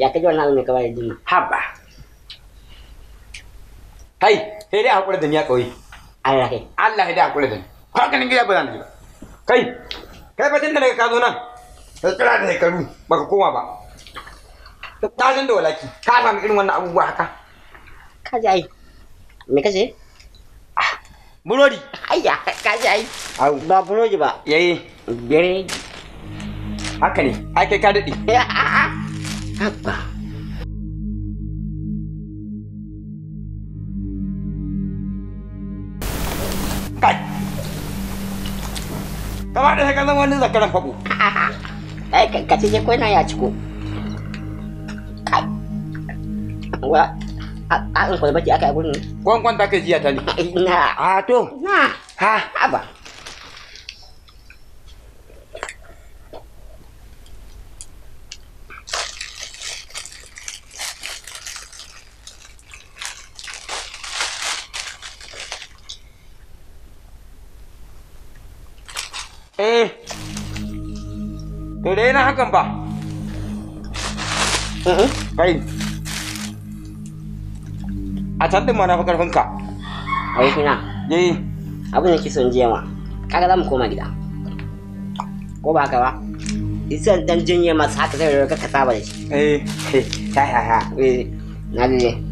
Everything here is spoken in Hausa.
ya kaji wannan abin ka bayar jini haba kai sai dai hakuri da ni a ƙauye Allah kai Allah sai dai hakuri da ni ko kanin gida ba za ni kai kai fa tun da ka zo nan k'a kira da shekaru baka koma ba ta san da walaki ka mu irin wannan abubuwa haka ka ji ai me kace ah, burodi ayya kaji ji ai ba burodi ba yayi bere haka ne ai kai ka daɗe Abba. Kai! da ka zama wani zakaran faɓo. Ai, ka ce ko na ya ciko. Kai! Wa, an kwalbaki aka yi gurin. Kwankwan ta kai jiya ta ne. Na. A ah, to. Na. Ha. ba. eh to dai na hakan ba mm-hmm. kai a can din ma na fi karfinka abokina eh abin da ke son jiya ma kaga za mu koma gida ko ba haka ba isan dan jinya masu haka sai ka saba da shi eh ha ha ha eh, na ne